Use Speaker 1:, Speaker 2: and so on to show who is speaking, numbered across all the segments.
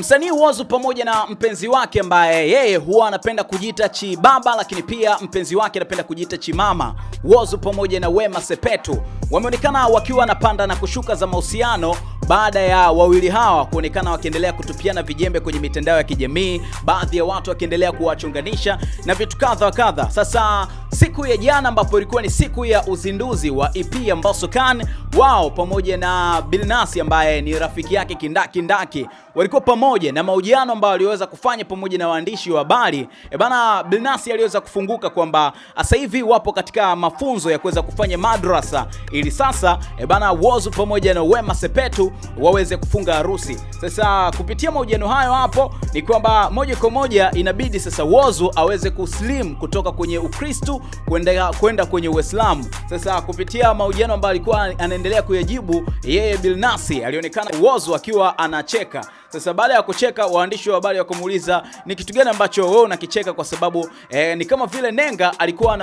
Speaker 1: Msanii Whozu pamoja na mpenzi wake ambaye yeye huwa anapenda kujiita Chibaba, lakini pia mpenzi wake anapenda kujiita Chimama. Whozu pamoja na Wema Sepetu wameonekana wakiwa wanapanda na kushuka za mahusiano baada ya wawili hawa kuonekana wakiendelea kutupiana vijembe kwenye mitandao ya kijamii, baadhi ya watu wakiendelea kuwachunganisha na vitu kadha kadha. Sasa siku ya jana ambapo ilikuwa ni siku ya uzinduzi wa EP ya Mbosso Khan wao pamoja na Billnass ambaye ni rafiki yake kindakindaki walikuwa pamoja na mahojiano ambayo waliweza kufanya pamoja na waandishi wa habari. E bana, Billnass aliweza kufunguka kwamba sasa hivi wapo katika mafunzo ya kuweza kufanya madrasa ili sasa e bana Whozu pamoja na Wema Sepetu waweze kufunga harusi. Sasa kupitia mahojiano hayo hapo ni kwamba moja kwa moja inabidi sasa Whozu aweze kuslim kutoka kwenye Ukristo kwenda kwenda kwenye Uislamu. Sasa kupitia mahojiano ambayo alikuwa anaendelea kuyajibu yeye, Bilnasi alionekana Whozu akiwa anacheka sasa baada ya kucheka, waandishi wa habari wakamuuliza ni kitu gani ambacho wewe unakicheka, kwa sababu eh, ni kama vile Nenga alikuwa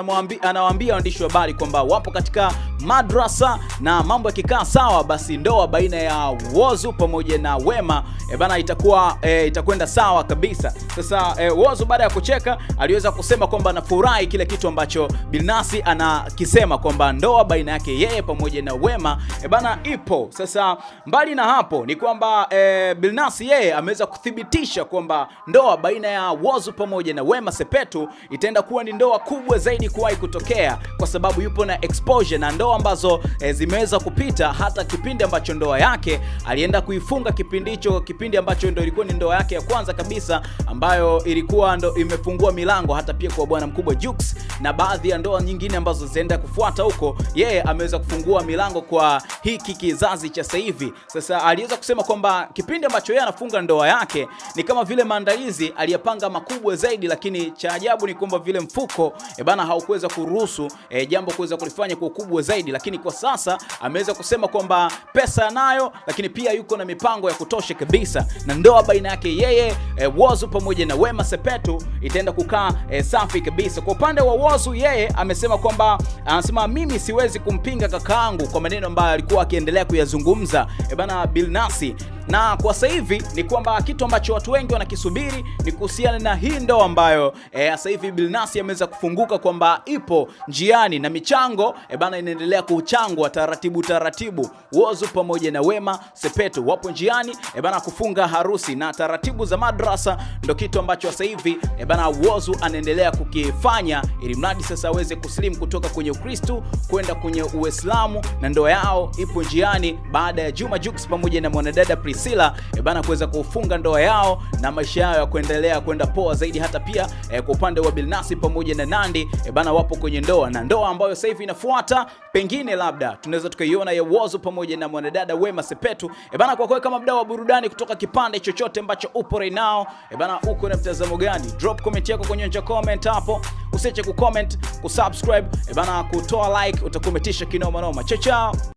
Speaker 1: anawaambia waandishi wa habari kwamba wapo katika madrasa na mambo yakikaa sawa, basi ndoa baina ya Whozu pamoja na Wema eh, bana itakuwa eh, itakwenda sawa kabisa. Sasa eh, Whozu baada ya kucheka aliweza kusema kwamba anafurahi kile kitu ambacho binasi anakisema kwamba ndoa baina yake yeye pamoja na Wema eh, bana ipo. Sasa mbali na hapo ni kwamba eh, Bilnasi basi yeye ameweza kuthibitisha kwamba ndoa baina ya Whozu pamoja na Wema Sepetu itaenda kuwa ni ndoa kubwa zaidi kuwahi kutokea, kwa sababu yupo na exposure na ndoa ambazo e, zimeweza kupita, hata kipindi ambacho ndoa yake alienda kuifunga kipindi hicho, kipindi ambacho ndio ilikuwa ni ndoa yake ya kwanza kabisa ambayo ilikuwa ndo imefungua milango hata pia kwa bwana mkubwa Jux na baadhi ya ndoa nyingine ambazo zinaenda kufuata huko, yeye ameweza kufungua milango kwa hiki kizazi cha sasa hivi. Sasa aliweza kusema kwamba kipindi ambacho yeye afunga ndoa yake ni kama vile maandalizi aliyapanga makubwa zaidi, lakini cha ajabu ni kwamba vile mfuko e bana haukuweza kuruhusu e, jambo kuweza kulifanya kwa ukubwa zaidi, lakini kwa sasa ameweza kusema kwamba pesa anayo, lakini pia yuko na mipango ya kutosha kabisa, na ndoa baina yake yeye e, eh, Whozu pamoja na Wema Sepetu itaenda kukaa e, safi kabisa. Kwa upande wa Whozu, yeye amesema kwamba anasema mimi siwezi kumpinga kakaangu kwa maneno ambayo alikuwa akiendelea kuyazungumza e bana Billnass, na kwa sasa hivi hivi ni kwamba kitu ambacho watu wengi wanakisubiri ni kuhusiana na hii ndoa ambayo eh, sasa hivi Billnass ameweza kufunguka kwamba ipo njiani na michango e, bana inaendelea kuchangwa taratibu taratibu. Whozu pamoja na Wema Sepetu wapo njiani e, bana kufunga harusi na taratibu za madrasa ndo kitu ambacho sasa hivi e, bana Whozu anaendelea kukifanya ili mradi sasa aweze kuslimu kutoka kwenye Ukristo kwenda kwenye Uislamu na ndoa yao ipo njiani baada ya Juma Jux pamoja na mwanadada Priscilla e, bana na kuweza kufunga ndoa yao na maisha yao ya kuendelea kwenda poa zaidi. Hata pia eh, kwa upande wa Bilnasi pamoja na Nandi eh, bana wapo kwenye ndoa na ndoa ambayo sasa hivi inafuata, pengine labda tunaweza tukaiona ya Whozu pamoja na mwanadada Wema Sepetu eh, bana. Kwa kweli kama mdau wa burudani kutoka kipande chochote ambacho upo right now eh, bana, uko na mtazamo gani? Drop comment yako kwenye nje comment hapo, usiache ku comment, ku subscribe, eh, bana, kutoa like, utakumetisha kinoma noma. Chao chao.